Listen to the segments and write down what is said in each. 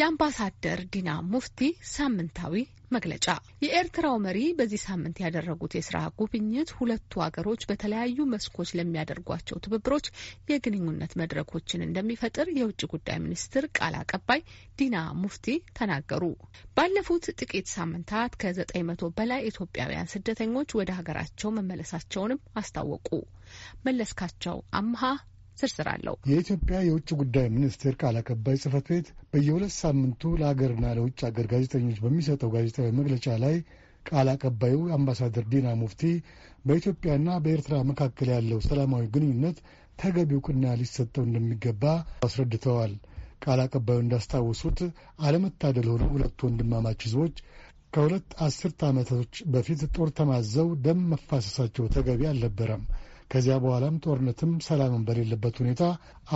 የአምባሳደር ዲና ሙፍቲ ሳምንታዊ መግለጫ የኤርትራው መሪ በዚህ ሳምንት ያደረጉት የስራ ጉብኝት ሁለቱ ሀገሮች በተለያዩ መስኮች ለሚያደርጓቸው ትብብሮች የግንኙነት መድረኮችን እንደሚፈጥር የውጭ ጉዳይ ሚኒስትር ቃል አቀባይ ዲና ሙፍቲ ተናገሩ። ባለፉት ጥቂት ሳምንታት ከዘጠኝ መቶ በላይ ኢትዮጵያውያን ስደተኞች ወደ ሀገራቸው መመለሳቸውንም አስታወቁ። መለስካቸው አምሃ ዝርዝር አለው። የኢትዮጵያ የውጭ ጉዳይ ሚኒስቴር ቃል አቀባይ ጽህፈት ቤት በየሁለት ሳምንቱ ለሀገርና ለውጭ ሀገር ጋዜጠኞች በሚሰጠው ጋዜጣዊ መግለጫ ላይ ቃል አቀባዩ አምባሳደር ዲና ሙፍቲ በኢትዮጵያና በኤርትራ መካከል ያለው ሰላማዊ ግንኙነት ተገቢ እውቅና ሊሰጠው እንደሚገባ አስረድተዋል። ቃል አቀባዩ እንዳስታወሱት አለመታደል ሆኖ ሁለቱ ወንድማማች ህዝቦች ከሁለት አስርት ዓመቶች በፊት ጦር ተማዘው ደም መፋሰሳቸው ተገቢ አልነበረም። ከዚያ በኋላም ጦርነትም ሰላምን በሌለበት ሁኔታ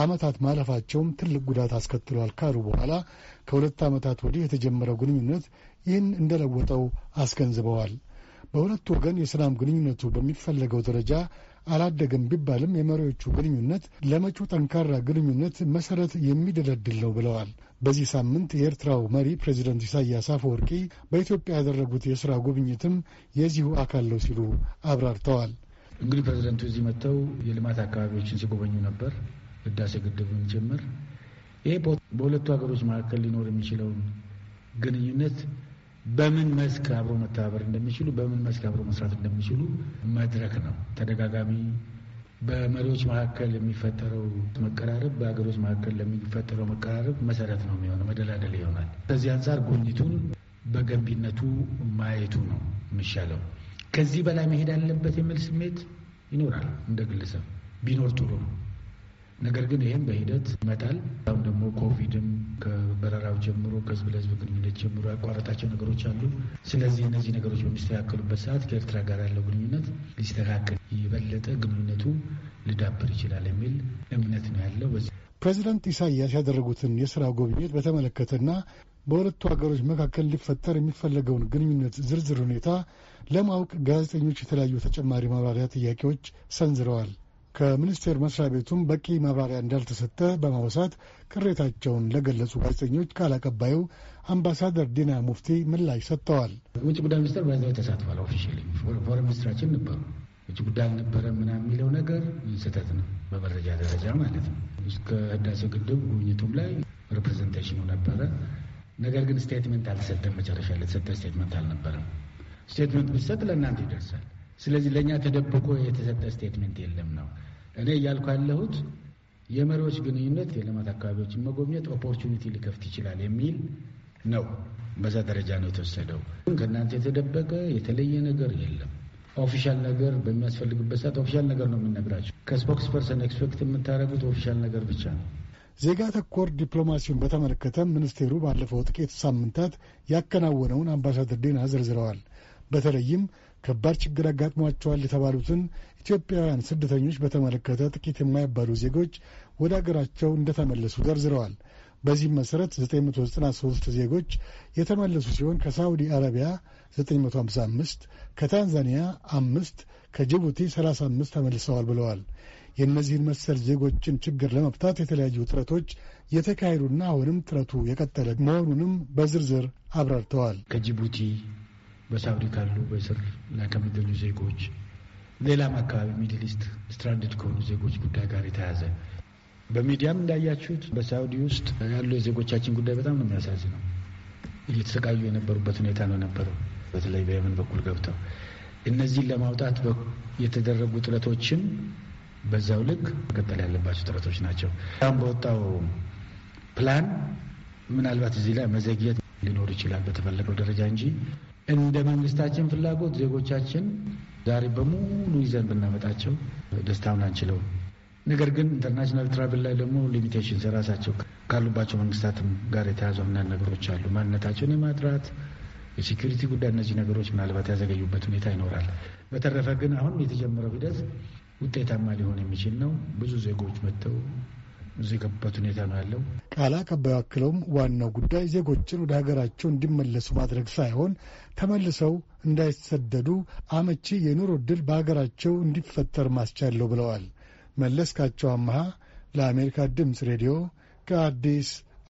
ዓመታት ማለፋቸውም ትልቅ ጉዳት አስከትሏል ካሉ በኋላ ከሁለት ዓመታት ወዲህ የተጀመረው ግንኙነት ይህን እንደለወጠው አስገንዝበዋል። በሁለቱ ወገን የሰላም ግንኙነቱ በሚፈለገው ደረጃ አላደገም ቢባልም የመሪዎቹ ግንኙነት ለመጪው ጠንካራ ግንኙነት መሰረት የሚደለድል ነው ብለዋል። በዚህ ሳምንት የኤርትራው መሪ ፕሬዚደንት ኢሳያስ አፈወርቂ በኢትዮጵያ ያደረጉት የሥራ ጉብኝትም የዚሁ አካል ነው ሲሉ አብራርተዋል። እንግዲህ ፕሬዚደንቱ እዚህ መጥተው የልማት አካባቢዎችን ሲጎበኙ ነበር፣ ህዳሴ ግድቡን ጭምር። ይሄ በሁለቱ ሀገሮች መካከል ሊኖር የሚችለውን ግንኙነት በምን መስክ አብሮ መተባበር እንደሚችሉ፣ በምን መስክ አብሮ መስራት እንደሚችሉ መድረክ ነው። ተደጋጋሚ በመሪዎች መካከል የሚፈጠረው መቀራረብ በሀገሮች መካከል ለሚፈጠረው መቀራረብ መሰረት ነው የሚሆነው፣ መደላደል ይሆናል። ከዚህ አንጻር ጉብኝቱን በገንቢነቱ ማየቱ ነው የሚሻለው። ከዚህ በላይ መሄድ አለበት የሚል ስሜት ይኖራል። እንደ ግለሰብ ቢኖር ጥሩ ነው። ነገር ግን ይህም በሂደት ይመጣል። አሁን ደግሞ ኮቪድም ከበረራው ጀምሮ ከህዝብ ለህዝብ ግንኙነት ጀምሮ ያቋረጣቸው ነገሮች አሉ። ስለዚህ እነዚህ ነገሮች በሚስተካከሉበት ሰዓት ከኤርትራ ጋር ያለው ግንኙነት ሊስተካከል የበለጠ ግንኙነቱ ሊዳብር ይችላል የሚል እምነት ነው ያለው። ፕሬዚዳንት ኢሳያስ ያደረጉትን የስራ ጉብኝት በተመለከተና በሁለቱ ሀገሮች መካከል ሊፈጠር የሚፈለገውን ግንኙነት ዝርዝር ሁኔታ ለማወቅ ጋዜጠኞች የተለያዩ ተጨማሪ ማብራሪያ ጥያቄዎች ሰንዝረዋል። ከሚኒስቴር መስሪያ ቤቱም በቂ ማብራሪያ እንዳልተሰጠ በማውሳት ቅሬታቸውን ለገለጹ ጋዜጠኞች ቃል አቀባዩ አምባሳደር ዲና ሙፍቲ ምላሽ ሰጥተዋል። ውጭ ጉዳይ ሚኒስትር በዚ ተሳትፏል። ኦፊሻሊ ፎረን ሚኒስትራችን ነበሩ። ውጭ ጉዳይ አልነበረ ምና የሚለው ነገር ስህተት ነው፣ በመረጃ ደረጃ ማለት ነው። እስከ ህዳሴ ግድብ ጉብኝቱም ላይ ሪፕሬዘንቴሽኑ ነበረ ነገር ግን ስቴትመንት አልተሰጠም። መጨረሻ ለተሰጠ ስቴትመንት አልነበረም። ስቴትመንት ብትሰጥ ለእናንተ ይደርሳል። ስለዚህ ለእኛ ተደብቆ የተሰጠ ስቴትመንት የለም ነው እኔ እያልኩ ያለሁት። የመሪዎች ግንኙነት የልማት አካባቢዎችን መጎብኘት ኦፖርቹኒቲ ሊከፍት ይችላል የሚል ነው። በዛ ደረጃ ነው የተወሰደው። ከእናንተ የተደበቀ የተለየ ነገር የለም። ኦፊሻል ነገር በሚያስፈልግበት ሰዓት ኦፊሻል ነገር ነው የምነግራቸው። ከስፖክስ ፐርሰን ኤክስፔክት የምታደርጉት ኦፊሻል ነገር ብቻ ነው። ዜጋ ተኮር ዲፕሎማሲውን በተመለከተ ሚኒስቴሩ ባለፈው ጥቂት ሳምንታት ያከናወነውን አምባሳደር ዴና ዘርዝረዋል። በተለይም ከባድ ችግር አጋጥሟቸዋል የተባሉትን ኢትዮጵያውያን ስደተኞች በተመለከተ ጥቂት የማይባሉ ዜጎች ወደ አገራቸው እንደተመለሱ ዘርዝረዋል። በዚህም መሠረት 993 ዜጎች የተመለሱ ሲሆን ከሳዑዲ አረቢያ 955፣ ከታንዛኒያ 5 ከጅቡቲ 35 ተመልሰዋል ብለዋል። የእነዚህን መሰል ዜጎችን ችግር ለመፍታት የተለያዩ ጥረቶች የተካሄዱና አሁንም ጥረቱ የቀጠለ መሆኑንም በዝርዝር አብራርተዋል። ከጅቡቲ በሳውዲ ካሉ በእስር ላይ ከሚገኙ ዜጎች ሌላም አካባቢ ሚድል ኢስት ስትራንድድ ከሆኑ ዜጎች ጉዳይ ጋር የተያዘ በሚዲያም እንዳያችሁት በሳውዲ ውስጥ ያሉ የዜጎቻችን ጉዳይ በጣም ነው የሚያሳዝነው። እየተሰቃዩ የነበሩበት ሁኔታ ነው ነበረው። በተለይ በየመን በኩል ገብተው እነዚህን ለማውጣት የተደረጉ ጥረቶችን በዛው ልክ መቀጠል ያለባቸው ጥረቶች ናቸው። አሁን በወጣው ፕላን ምናልባት እዚህ ላይ መዘግየት ሊኖር ይችላል በተፈለገው ደረጃ እንጂ እንደ መንግስታችን ፍላጎት ዜጎቻችን ዛሬ በሙሉ ይዘን ብናመጣቸው ደስታውን አንችለው። ነገር ግን ኢንተርናሽናል ትራቭል ላይ ደግሞ ሊሚቴሽንስ ራሳቸው ካሉባቸው መንግስታትም ጋር የተያዙ አንዳንድ ነገሮች አሉ። ማንነታቸውን የማጥራት የሴኩሪቲ ጉዳይ፣ እነዚህ ነገሮች ምናልባት ያዘገዩበት ሁኔታ ይኖራል። በተረፈ ግን አሁን የተጀመረው ሂደት ውጤታማ ሊሆን የሚችል ነው። ብዙ ዜጎች መጥተው እዚህ የገቡበት ሁኔታ ነው ያለው። ቃል አቀባዩ አክለውም ዋናው ጉዳይ ዜጎችን ወደ ሀገራቸው እንዲመለሱ ማድረግ ሳይሆን ተመልሰው እንዳይሰደዱ አመቺ የኑሮ እድል በሀገራቸው እንዲፈጠር ማስቻለው ብለዋል። መለስካቸው አመሃ ለአሜሪካ ድምፅ ሬዲዮ ከአዲስ